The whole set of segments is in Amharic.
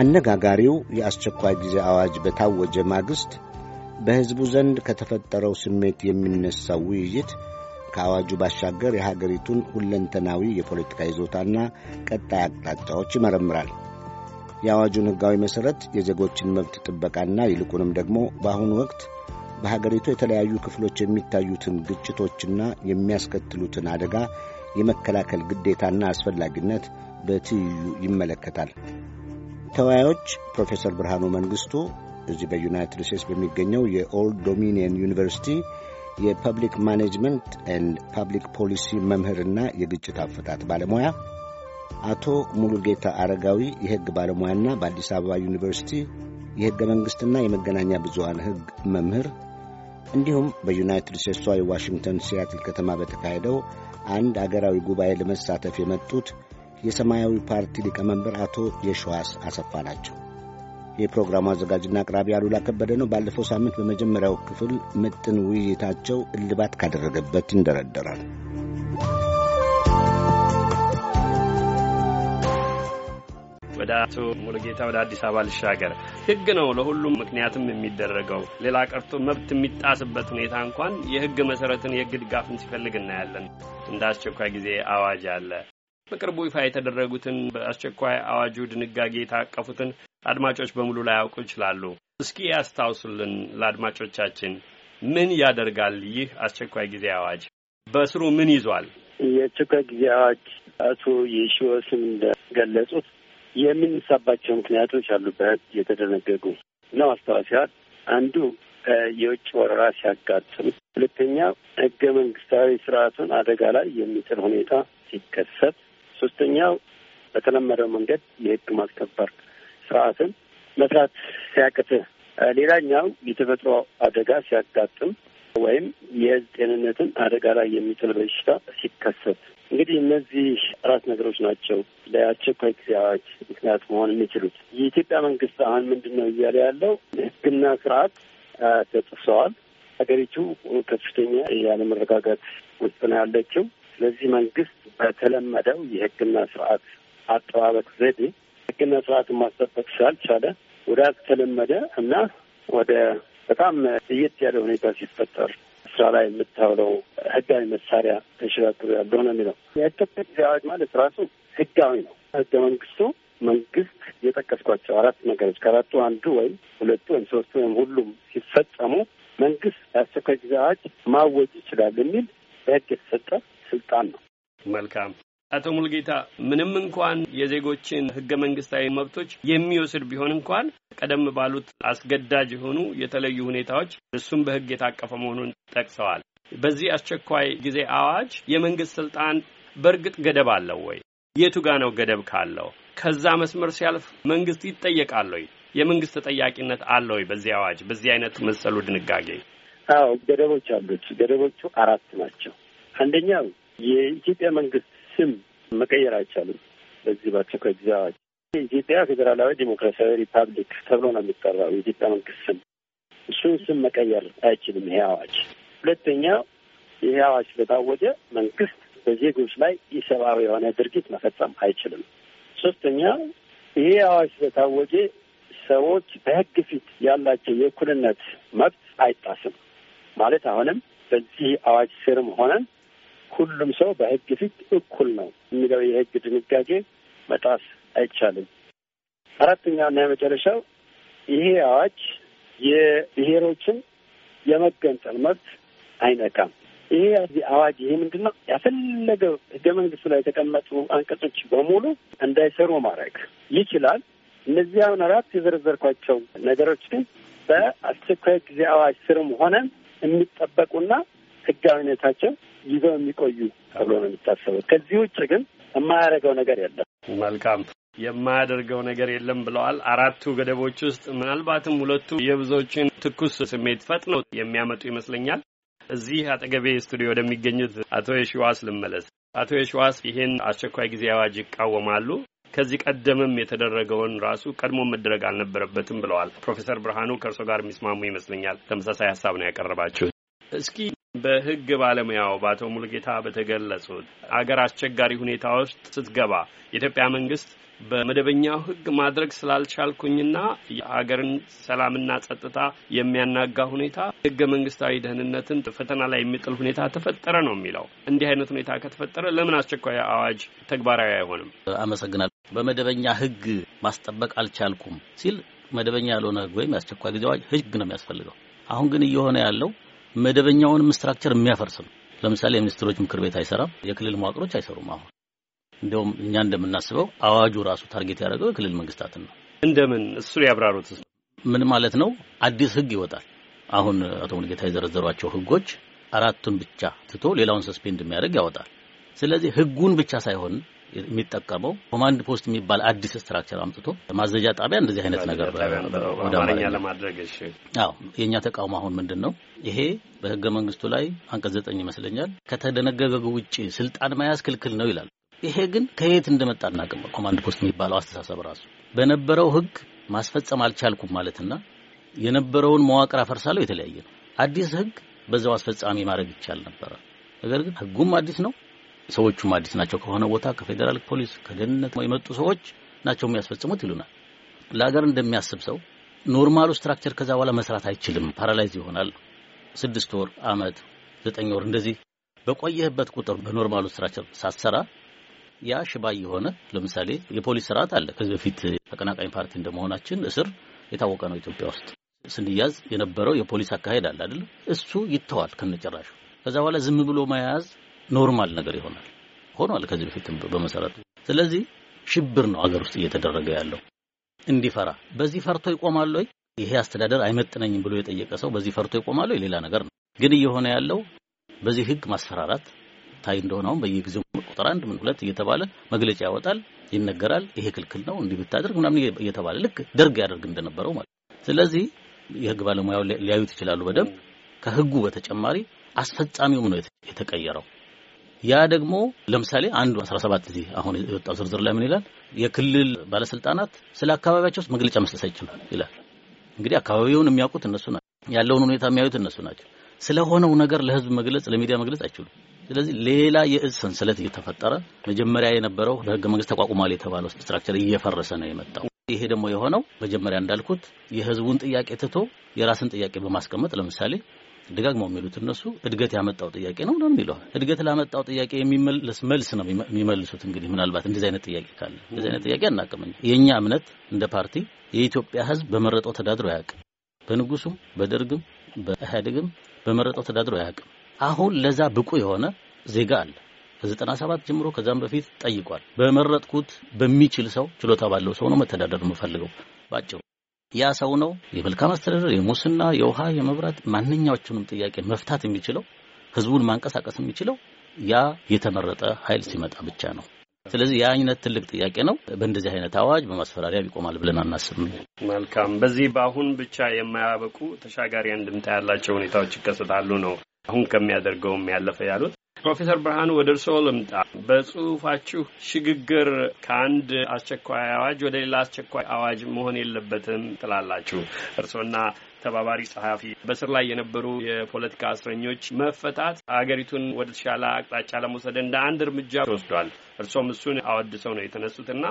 አነጋጋሪው የአስቸኳይ ጊዜ አዋጅ በታወጀ ማግስት በሕዝቡ ዘንድ ከተፈጠረው ስሜት የሚነሳው ውይይት ከአዋጁ ባሻገር የሀገሪቱን ሁለንተናዊ የፖለቲካ ይዞታና ቀጣይ አቅጣጫዎች ይመረምራል። የአዋጁን ሕጋዊ መሠረት፣ የዜጎችን መብት ጥበቃና ይልቁንም ደግሞ በአሁኑ ወቅት በሀገሪቱ የተለያዩ ክፍሎች የሚታዩትን ግጭቶችና የሚያስከትሉትን አደጋ የመከላከል ግዴታና አስፈላጊነት በትይዩ ይመለከታል። ተወያዮች ፕሮፌሰር ብርሃኑ መንግስቱ እዚህ በዩናይትድ ስቴትስ በሚገኘው የኦልድ ዶሚኒየን ዩኒቨርሲቲ የፐብሊክ ማኔጅመንት ኤንድ ፐብሊክ ፖሊሲ መምህርና የግጭት አፈታት ባለሙያ፣ አቶ ሙሉጌታ አረጋዊ የሕግ ባለሙያና በአዲስ አበባ ዩኒቨርሲቲ የሕገ መንግሥትና የመገናኛ ብዙሃን ሕግ መምህር እንዲሁም በዩናይትድ ስቴትሷ የዋሽንግተን ሲያትል ከተማ በተካሄደው አንድ አገራዊ ጉባኤ ለመሳተፍ የመጡት የሰማያዊ ፓርቲ ሊቀመንበር አቶ የሸዋስ አሰፋ ናቸው። የፕሮግራሙ አዘጋጅና አቅራቢ አሉላ ከበደ ነው። ባለፈው ሳምንት በመጀመሪያው ክፍል ምጥን ውይይታቸው እልባት ካደረገበት ይንደረደራል። ወደ አቶ ሙሉጌታ ወደ አዲስ አበባ ልሻገር። ህግ ነው ለሁሉም ምክንያትም የሚደረገው ሌላ ቀርቶ መብት የሚጣስበት ሁኔታ እንኳን የህግ መሰረትን የህግ ድጋፍን ሲፈልግ እናያለን። እንደ አስቸኳይ ጊዜ አዋጅ አለ፣ በቅርቡ ይፋ የተደረጉትን በአስቸኳይ አዋጁ ድንጋጌ የታቀፉትን አድማጮች በሙሉ ላይ ያውቁ ይችላሉ። እስኪ ያስታውሱልን ለአድማጮቻችን ምን ያደርጋል ይህ አስቸኳይ ጊዜ አዋጅ? በስሩ ምን ይዟል? የአስቸኳይ ጊዜ አዋጅ አቶ የሺወስም እንደገለጹት የምንሳባቸው ምክንያቶች አሉበት የተደነገጉ ነው ማስታወሲያል አንዱ የውጭ ወረራ ሲያጋጥም፣ ሁለተኛ ህገ መንግስታዊ ስርዓቱን አደጋ ላይ የሚጥል ሁኔታ ሲከሰት፣ ሶስተኛው በተለመደው መንገድ የህግ ማስከበር ስርዓትን መስራት ሲያቅትህ፣ ሌላኛው የተፈጥሮ አደጋ ሲያጋጥም ወይም የህዝብ ጤንነትን አደጋ ላይ የሚጥል በሽታ ሲከሰት። እንግዲህ እነዚህ አራት ነገሮች ናቸው ለአስቸኳይ ጊዜ አዋጅ ምክንያት መሆን የሚችሉት። የኢትዮጵያ መንግስት አሁን ምንድን ነው እያለ ያለው ህግና ስርዓት ተጥሰዋል፣ ሀገሪቱ ከፍተኛ ያለመረጋጋት ውስጥ ነው ያለችው። ስለዚህ መንግስት በተለመደው የህግና ስርዓት አጠባበቅ ዘዴ ህግና ስርዓትን ማስጠበቅ ስላልቻለ ወደ አልተለመደ እና ወደ በጣም እየት ያለ ሁኔታ ሲፈጠር ስራ ላይ የምታውለው ህጋዊ መሳሪያ ተሸጋግሮ ያለው ነው የሚለው የኢትዮጵያ ጊዜ አዋጅ ማለት ራሱ ህጋዊ ነው። ህገ መንግስቱ መንግስት የጠቀስኳቸው አራት ነገሮች ከአራቱ አንዱ ወይም ሁለቱ ወይም ሶስቱ ወይም ሁሉም ሲፈጸሙ መንግስት የአስቸኳይ ጊዜ አዋጅ ማወጅ ይችላል የሚል በህግ የተሰጠ መልካም አቶ ሙልጌታ ምንም እንኳን የዜጎችን ህገ መንግስታዊ መብቶች የሚወስድ ቢሆን እንኳን ቀደም ባሉት አስገዳጅ የሆኑ የተለዩ ሁኔታዎች እሱም በህግ የታቀፈ መሆኑን ጠቅሰዋል። በዚህ አስቸኳይ ጊዜ አዋጅ የመንግስት ስልጣን በእርግጥ ገደብ አለው ወይ? የቱ ጋ ነው ገደብ ካለው ከዛ መስመር ሲያልፍ መንግስት ይጠየቃል ወይ? የመንግስት ተጠያቂነት አለ ወይ? በዚህ አዋጅ በዚህ አይነት መሰሉ ድንጋጌ? አዎ ገደቦች አሉት። ገደቦቹ አራት ናቸው። አንደኛው የኢትዮጵያ መንግስት ስም መቀየር አይቻልም። በዚህ በአስቸኳይ ጊዜ አዋጅ የኢትዮጵያ ፌዴራላዊ ዴሞክራሲያዊ ሪፐብሊክ ተብሎ ነው የሚጠራው የኢትዮጵያ መንግስት ስም። እሱን ስም መቀየር አይችልም ይሄ አዋጅ። ሁለተኛ ይሄ አዋጅ ስለታወጀ መንግስት በዜጎች ላይ ኢሰብአዊ የሆነ ድርጊት መፈጸም አይችልም። ሶስተኛ ይሄ አዋጅ ስለታወጀ ሰዎች በህግ ፊት ያላቸው የእኩልነት መብት አይጣስም ማለት አሁንም በዚህ አዋጅ ስርም ሆነን ሁሉም ሰው በህግ ፊት እኩል ነው የሚለው የህግ ድንጋጌ መጣስ አይቻልም። አራተኛውና የመጨረሻው ይሄ አዋጅ የብሔሮችን የመገንጠል መብት አይነካም። ይሄ አዋጅ ይሄ ምንድን ነው ያፈለገው ህገ መንግስቱ ላይ የተቀመጡ አንቀጾች በሙሉ እንዳይሰሩ ማድረግ ይችላል። እነዚህ አራት የዘረዘርኳቸው ነገሮች ግን በአስቸኳይ ጊዜ አዋጅ ስርም ሆነን የሚጠበቁና ህጋዊነታቸው ይዘው የሚቆዩ ተብሎ ነው የሚታሰበው። ከዚህ ውጭ ግን የማያደርገው ነገር የለም። መልካም የማያደርገው ነገር የለም ብለዋል። አራቱ ገደቦች ውስጥ ምናልባትም ሁለቱ የብዙዎችን ትኩስ ስሜት ፈጥነው የሚያመጡ ይመስለኛል። እዚህ አጠገቤ ስቱዲዮ ወደሚገኙት አቶ የሺዋስ ልመለስ። አቶ የሺዋስ ይህን አስቸኳይ ጊዜ አዋጅ ይቃወማሉ። ከዚህ ቀደምም የተደረገውን ራሱ ቀድሞ መደረግ አልነበረበትም ብለዋል። ፕሮፌሰር ብርሃኑ ከእርሶ ጋር የሚስማሙ ይመስለኛል። ተመሳሳይ ሀሳብ ነው ያቀረባችሁት። እስኪ በህግ ባለሙያው በአቶ ሙልጌታ በተገለጹት አገር አስቸጋሪ ሁኔታ ውስጥ ስትገባ የኢትዮጵያ መንግስት በመደበኛው ህግ ማድረግ ስላልቻልኩኝና የሀገርን ሰላምና ጸጥታ የሚያናጋ ሁኔታ ህገ መንግስታዊ ደህንነትን ፈተና ላይ የሚጥል ሁኔታ ተፈጠረ ነው የሚለው። እንዲህ አይነት ሁኔታ ከተፈጠረ ለምን አስቸኳይ አዋጅ ተግባራዊ አይሆንም? አመሰግናለሁ። በመደበኛ ህግ ማስጠበቅ አልቻልኩም ሲል መደበኛ ያልሆነ ህግ ወይም የአስቸኳይ ጊዜ አዋጅ ህግ ነው የሚያስፈልገው። አሁን ግን እየሆነ ያለው መደበኛውንም ስትራክቸር የሚያፈርስ ነው። ለምሳሌ የሚኒስትሮች ምክር ቤት አይሰራም፣ የክልል መዋቅሮች አይሰሩም። አሁን እንዲሁም እኛ እንደምናስበው አዋጁ ራሱ ታርጌት ያደረገው የክልል መንግስታትን ነው። እንደምን እሱ ያብራሩት ምን ማለት ነው? አዲስ ህግ ይወጣል። አሁን አቶ ሙልጌታ የዘረዘሯቸው ህጎች አራቱን ብቻ ትቶ ሌላውን ሰስፔንድ የሚያደርግ ያወጣል። ስለዚህ ህጉን ብቻ ሳይሆን የሚጠቀመው ኮማንድ ፖስት የሚባል አዲስ ስትራክቸር አምጥቶ ማዘዣ ጣቢያ እንደዚህ አይነት ነገር ወደ አማርኛ ለማድረግ አዎ የእኛ ተቃውሞ አሁን ምንድን ነው ይሄ በህገ መንግስቱ ላይ አንቀጽ ዘጠኝ ይመስለኛል ከተደነገገ ውጭ ስልጣን መያዝ ክልክል ነው ይላል ይሄ ግን ከየት እንደመጣ እናቅም ኮማንድ ፖስት የሚባለው አስተሳሰብ ራሱ በነበረው ህግ ማስፈጸም አልቻልኩም ማለትና የነበረውን መዋቅር አፈርሳለሁ የተለያየ ነው አዲስ ህግ በዛው አስፈጻሚ ማድረግ ይቻል ነበረ ነገር ግን ህጉም አዲስ ነው ሰዎቹም አዲስ ናቸው ከሆነ ቦታ ከፌዴራል ፖሊስ ከደህንነት የመጡ ሰዎች ናቸው የሚያስፈጽሙት ይሉናል። ለሀገር እንደሚያስብ ሰው ኖርማሉ ስትራክቸር ከዛ በኋላ መስራት አይችልም። ፓራላይዝ ይሆናል። ስድስት ወር፣ አመት፣ ዘጠኝ ወር እንደዚህ በቆየህበት ቁጥር በኖርማሉ ስትራክቸር ሳሰራ ያ ሽባ የሆነ ለምሳሌ የፖሊስ ስርዓት አለ። ከዚህ በፊት ተቀናቃኝ ፓርቲ እንደመሆናችን እስር የታወቀ ነው። ኢትዮጵያ ውስጥ ስንያዝ የነበረው የፖሊስ አካሄድ አለ አይደል? እሱ ይተዋል ከነጨራሹ። ከዛ በኋላ ዝም ብሎ መያዝ ኖርማል ነገር ይሆናል ሆኗል ከዚህ በፊት በመሰረቱ ስለዚህ ሽብር ነው አገር ውስጥ እየተደረገ ያለው እንዲፈራ በዚህ ፈርቶ ይቆማል ወይ ይሄ አስተዳደር አይመጥነኝም ብሎ የጠየቀ ሰው በዚህ ፈርቶ ይቆማል ወይ ሌላ ነገር ነው ግን እየሆነ ያለው በዚህ ህግ ማስፈራራት ታይ እንደሆነ አሁን በየጊዜው ቁጥር አንድ ምን ሁለት እየተባለ መግለጫ ያወጣል ይነገራል ይሄ ክልክል ነው እንዲህ ብታደርግ ምናምን እየተባለ ልክ ደርግ ያደርግ እንደነበረው ማለት ስለዚህ የህግ ባለሙያው ሊያዩት ይችላሉ በደንብ ከህጉ በተጨማሪ አስፈጻሚውም ነው የተቀየረው ያ ደግሞ ለምሳሌ አንዱ 17 እዚህ አሁን የወጣው ዝርዝር ላይ ምን ይላል? የክልል ባለስልጣናት ስለ አካባቢያቸው ውስጥ መግለጫ መስጠት አይችሉም ይላል። እንግዲህ አካባቢውን የሚያውቁት እነሱ ናቸው። ያለውን ሁኔታ የሚያዩት እነሱ ናቸው። ስለሆነው ነገር ለህዝብ መግለጽ፣ ለሚዲያ መግለጽ አይችሉም። ስለዚህ ሌላ የእዝ ሰንሰለት እየተፈጠረ መጀመሪያ የነበረው ለህገ መንግስት ተቋቁሟል የተባለው ስትራክቸር እየፈረሰ ነው የመጣው። ይሄ ደግሞ የሆነው መጀመሪያ እንዳልኩት የህዝቡን ጥያቄ ትቶ የራስን ጥያቄ በማስቀመጥ ለምሳሌ ደጋግመው የሚሉት እነሱ እድገት ያመጣው ጥያቄ ነው ነው ይለዋል። እድገት ላመጣው ጥያቄ የሚመልስ መልስ ነው የሚመልሱት። እንግዲህ ምናልባት እንደዚህ አይነት ጥያቄ ካለ እንደዚህ አይነት ጥያቄ አናውቅም። የእኛ እምነት እንደ ፓርቲ የኢትዮጵያ ሕዝብ በመረጠው ተዳድሮ አያውቅም። በንጉሱም በደርግም በኢህአዴግም በመረጠው ተዳድሮ አያውቅም። አሁን ለዛ ብቁ የሆነ ዜጋ አለ። ከዘጠና ሰባት ጀምሮ ከዛም በፊት ጠይቋል። በመረጥኩት በሚችል ሰው ችሎታ ባለው ሰው ነው መተዳደር የምፈልገው ባጭሩ ያ ሰው ነው የመልካም አስተዳደር፣ የሙስና፣ የውሃ፣ የመብራት ማንኛዎቹንም ጥያቄ መፍታት የሚችለው ህዝቡን ማንቀሳቀስ የሚችለው ያ የተመረጠ ኃይል ሲመጣ ብቻ ነው። ስለዚህ ያ አይነት ትልቅ ጥያቄ ነው። በእንደዚህ አይነት አዋጅ በማስፈራሪያ ይቆማል ብለን አናስብም። መልካም። በዚህ በአሁን ብቻ የማያበቁ ተሻጋሪ አንድምታ ያላቸው ሁኔታዎች ይከሰታሉ ነው አሁን ከሚያደርገውም ያለፈ ያሉት ፕሮፌሰር ብርሃኑ ወደ እርስዎ ልምጣ። በጽሁፋችሁ ሽግግር ከአንድ አስቸኳይ አዋጅ ወደ ሌላ አስቸኳይ አዋጅ መሆን የለበትም ትላላችሁ እርስዎና ተባባሪ ጸሐፊ በስር ላይ የነበሩ የፖለቲካ እስረኞች መፈታት አገሪቱን ወደ ተሻለ አቅጣጫ ለመውሰድ እንደ አንድ እርምጃ ተወስዷል። እርሶም እሱን አወድሰው ነው የተነሱትና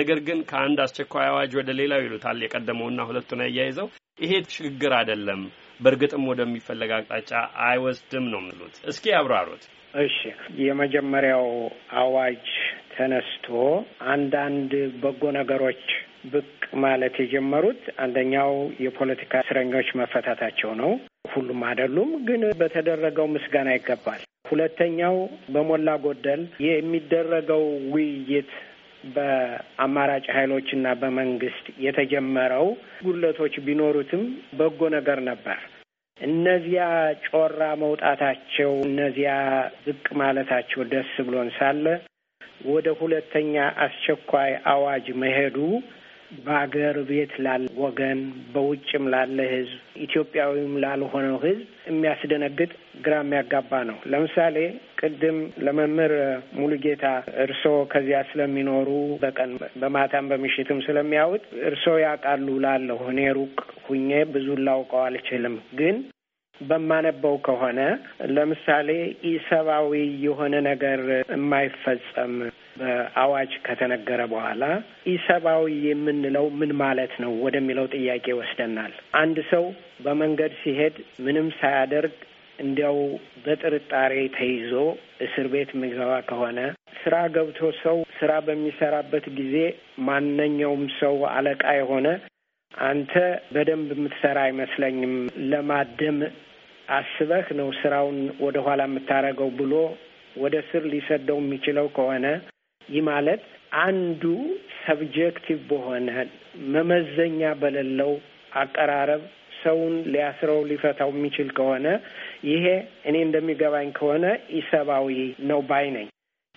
ነገር ግን ከአንድ አስቸኳይ አዋጅ ወደ ሌላው ይሉታል የቀደመውና ሁለቱን አያይዘው ይሄ ሽግግር አይደለም በእርግጥም ወደሚፈለግ አቅጣጫ አይወስድም ነው የምሉት። እስኪ አብራሩት እሺ የመጀመሪያው አዋጅ ተነስቶ አንዳንድ በጎ ነገሮች ብቅ ማለት የጀመሩት አንደኛው የፖለቲካ እስረኞች መፈታታቸው ነው። ሁሉም አይደሉም፣ ግን በተደረገው ምስጋና ይገባል። ሁለተኛው በሞላ ጎደል የሚደረገው ውይይት በአማራጭ ኃይሎች እና በመንግስት የተጀመረው ጉድለቶች ቢኖሩትም በጎ ነገር ነበር። እነዚያ ጮራ መውጣታቸው እነዚያ ዝቅ ማለታቸው ደስ ብሎን ሳለ ወደ ሁለተኛ አስቸኳይ አዋጅ መሄዱ በአገር ቤት ላለ ወገን በውጭም ላለ ሕዝብ ኢትዮጵያዊም ላልሆነው ሕዝብ የሚያስደነግጥ ግራ የሚያጋባ ነው። ለምሳሌ ቅድም ለመምህር ሙሉጌታ እርሶ ከዚያ ስለሚኖሩ በቀን በማታም በምሽትም ስለሚያውጥ እርስዎ ያውቃሉ ላለሁ እኔ ሩቅ ሁኜ ብዙ ላውቀው አልችልም። ግን በማነበው ከሆነ ለምሳሌ ኢሰብአዊ የሆነ ነገር የማይፈጸም በአዋጅ ከተነገረ በኋላ ኢሰብአዊ የምንለው ምን ማለት ነው ወደሚለው ጥያቄ ይወስደናል። አንድ ሰው በመንገድ ሲሄድ ምንም ሳያደርግ እንዲያው በጥርጣሬ ተይዞ እስር ቤት የሚገባ ከሆነ ስራ ገብቶ ሰው ስራ በሚሰራበት ጊዜ ማንኛውም ሰው አለቃ የሆነ አንተ በደንብ የምትሰራ አይመስለኝም ለማደም አስበህ ነው ስራውን ወደ ኋላ የምታደርገው ብሎ ወደ ስር ሊሰደው የሚችለው ከሆነ ይህ ማለት አንዱ ሰብጀክቲቭ በሆነ መመዘኛ በሌለው አቀራረብ ሰውን ሊያስረው ሊፈታው የሚችል ከሆነ ይሄ እኔ እንደሚገባኝ ከሆነ ኢሰብአዊ ነው ባይ ነኝ።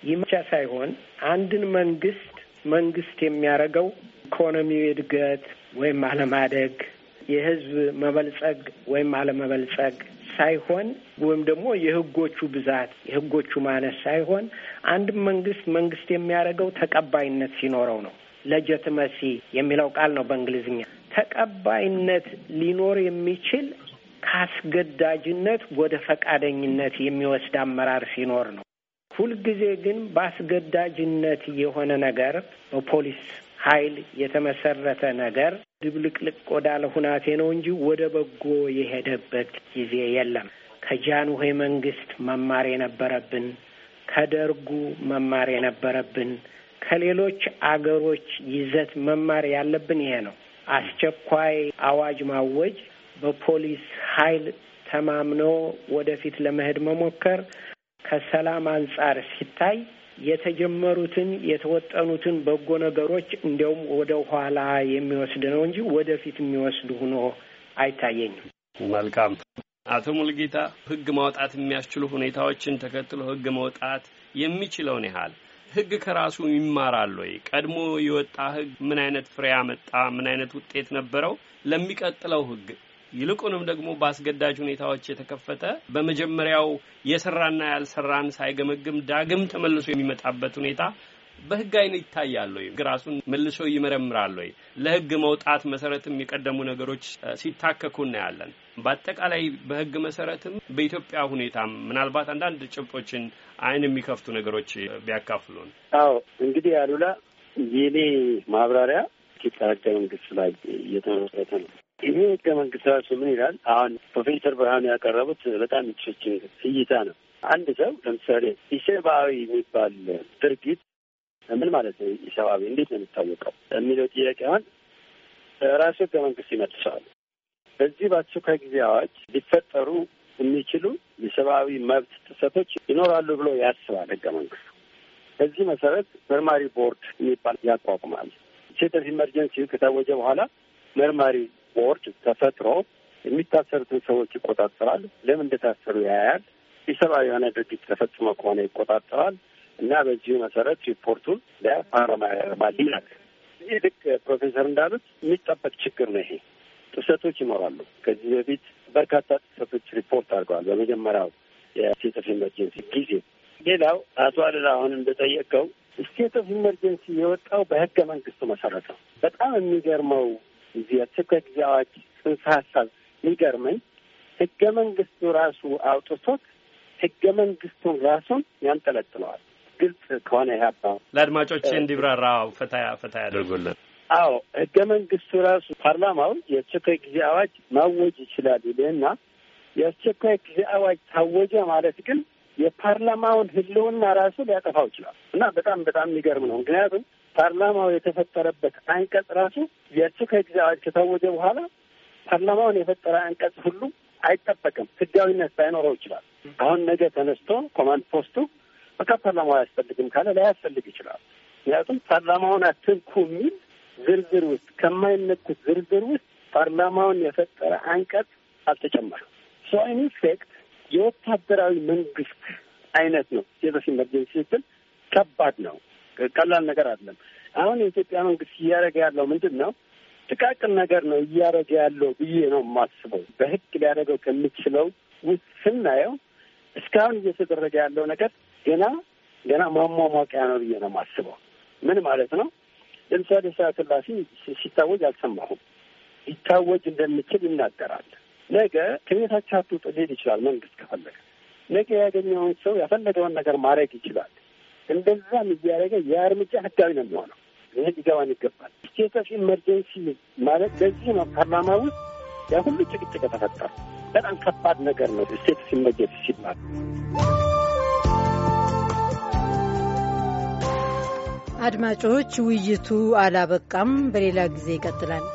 ይህ ብቻ ሳይሆን አንድን መንግስት መንግስት የሚያደርገው ኢኮኖሚው እድገት ወይም አለማደግ፣ የህዝብ መበልጸግ ወይም አለመበልጸግ ሳይሆን ወይም ደግሞ የህጎቹ ብዛት የህጎቹ ማነስ ሳይሆን አንድም መንግስት መንግስት የሚያደርገው ተቀባይነት ሲኖረው ነው። መሲ የሚለው ቃል ነው በእንግሊዝኛ። ተቀባይነት ሊኖር የሚችል ከአስገዳጅነት ወደ ፈቃደኝነት የሚወስድ አመራር ሲኖር ነው። ሁልጊዜ ግን በአስገዳጅነት የሆነ ነገር በፖሊስ ኃይል የተመሰረተ ነገር ድብልቅልቅ ወዳለ ሁናቴ ነው እንጂ ወደ በጎ የሄደበት ጊዜ የለም። ከጃንሆይ መንግስት መማር የነበረብን፣ ከደርጉ መማር የነበረብን፣ ከሌሎች አገሮች ይዘት መማር ያለብን ይሄ ነው። አስቸኳይ አዋጅ ማወጅ፣ በፖሊስ ኃይል ተማምኖ ወደፊት ለመሄድ መሞከር ከሰላም አንጻር ሲታይ የተጀመሩትን የተወጠኑትን በጎ ነገሮች እንዲያውም ወደ ኋላ የሚወስድ ነው እንጂ ወደፊት የሚወስድ ሆኖ አይታየኝም። መልካም አቶ ሙልጌታ፣ ህግ ማውጣት የሚያስችሉ ሁኔታዎችን ተከትሎ ህግ መውጣት የሚችለውን ያህል ህግ ከራሱ ይማራል ወይ? ቀድሞ የወጣ ህግ ምን አይነት ፍሬ አመጣ? ምን አይነት ውጤት ነበረው? ለሚቀጥለው ህግ ይልቁንም ደግሞ በአስገዳጅ ሁኔታዎች የተከፈተ በመጀመሪያው የሰራና ያልሰራን ሳይገመግም ዳግም ተመልሶ የሚመጣበት ሁኔታ በህግ አይን ይታያል ወይ? ራሱን መልሶ ይመረምራል ወይ? ለህግ መውጣት መሰረትም የቀደሙ ነገሮች ሲታከኩ እናያለን። በአጠቃላይ በህግ መሰረትም በኢትዮጵያ ሁኔታ ምናልባት አንዳንድ ጭብጦችን አይን የሚከፍቱ ነገሮች ቢያካፍሉን። አዎ እንግዲህ አሉላ የኔ ማብራሪያ ኢትዮጵያ ህገ መንግስት ላይ እየተመሰረተ ነው። ይሄ ህገ መንግስታዊ ምን ይላል? አሁን ፕሮፌሰር ብርሃኑ ያቀረቡት በጣም ኢንትረስቲንግ እይታ ነው። አንድ ሰው ለምሳሌ ኢሰብአዊ የሚባል ድርጊት ምን ማለት ነው? ኢሰብአዊ እንዴት ነው የሚታወቀው የሚለው ጥያቄ አሁን ራሱ ህገ መንግስት ይመልሰዋል። በዚህ በአስቸኳይ ጊዜ አዋጅ ሊፈጠሩ የሚችሉ የሰብአዊ መብት ጥሰቶች ይኖራሉ ብሎ ያስባል ህገ መንግስቱ። በዚህ መሰረት መርማሪ ቦርድ የሚባል ያቋቁማል። ስቴት ኦፍ ኢመርጀንሲ ከታወጀ በኋላ መርማሪ ቦርድ ተፈጥሮ የሚታሰሩትን ሰዎች ይቆጣጠራል። ለምን እንደታሰሩ ያያል። ኢሰብአዊ የሆነ ድርጊት ተፈጽሞ ከሆነ ይቆጣጠራል እና በዚሁ መሰረት ሪፖርቱን ለፓርላማ ያቀርባል ይላል። ይህ ልክ ፕሮፌሰር እንዳሉት የሚጠበቅ ችግር ነው። ይሄ ጥሰቶች ይኖራሉ። ከዚህ በፊት በርካታ ጥሰቶች ሪፖርት አድርገዋል በመጀመሪያው የስቴት ኦፍ ኢመርጀንሲ ጊዜ። ሌላው አቶ አልላ አሁን እንደጠየቀው ስቴት ኦፍ ኢመርጀንሲ የወጣው በህገ መንግስቱ መሰረት ነው። በጣም የሚገርመው እዚህ የአስቸኳይ ጊዜ አዋጅ ጽንሰ ሀሳብ የሚገርመኝ ህገ መንግስቱ ራሱ አውጥቶት ህገ መንግስቱን ራሱን ያንጠለጥለዋል። ግልጽ ከሆነ ይህ ለአድማጮች እንዲብራራ ፈታ ፈታ ያደርጉልን። አዎ ህገ መንግስቱ ራሱ ፓርላማው የአስቸኳይ ጊዜ አዋጅ ማወጅ ይችላል ይልና የአስቸኳይ ጊዜ አዋጅ ታወጀ ማለት ግን የፓርላማውን ህልውና ራሱ ሊያጠፋው ይችላል እና በጣም በጣም የሚገርም ነው። ምክንያቱም ፓርላማው የተፈጠረበት አንቀጽ ራሱ የእሱ ከጊዜ አዋጅ ከታወጀ በኋላ ፓርላማውን የፈጠረ አንቀጽ ሁሉ አይጠበቅም። ህጋዊነት ላይኖረው ይችላል። አሁን ነገ ተነስቶ ኮማንድ ፖስቱ በቃ ፓርላማው አያስፈልግም ካለ ላያስፈልግ ይችላል። ምክንያቱም ፓርላማውን አትንኩ የሚል ዝርዝር ውስጥ ከማይነኩት ዝርዝር ውስጥ ፓርላማውን የፈጠረ አንቀጽ አልተጨመረም። ሶ ኢንፌክት የወታደራዊ መንግስት አይነት ነው። ስቴት ኦፍ ኢመርጀንሲ ስትል ከባድ ነው። ቀላል ነገር አይደለም። አሁን የኢትዮጵያ መንግስት እያደረገ ያለው ምንድን ነው? ጥቃቅን ነገር ነው እያደረገ ያለው ብዬ ነው የማስበው። በህግ ሊያደርገው ከምችለው ውስጥ ስናየው እስካሁን እየተደረገ ያለው ነገር ገና ገና ማሟሟቂያ ነው ብዬ ነው የማስበው። ምን ማለት ነው? ለምሳሌ ስርዓተ ስላሴ ሲታወጅ አልሰማሁም። ሊታወጅ እንደሚችል ይናገራል። ነገ ከቤታቸው አትውጡ ሊል ይችላል መንግስት ከፈለገ። ነገ ያገኘውን ሰው ያፈለገውን ነገር ማድረግ ይችላል። እንደዛም እያደረገ ያ እርምጃ ህጋዊ ነው የሚሆነው። ይህ ሊገባን ይገባል። ስቴት ኦፍ ኢመርጀንሲ ማለት በዚህ ነው። ፓርላማ ውስጥ ያ ሁሉ ጭቅጭቅ ተፈጠረ። በጣም ከባድ ነገር ነው ስቴት ኦፍ ኢመርጀንሲ ሲባል። አድማጮች፣ ውይይቱ አላበቃም፣ በሌላ ጊዜ ይቀጥላል።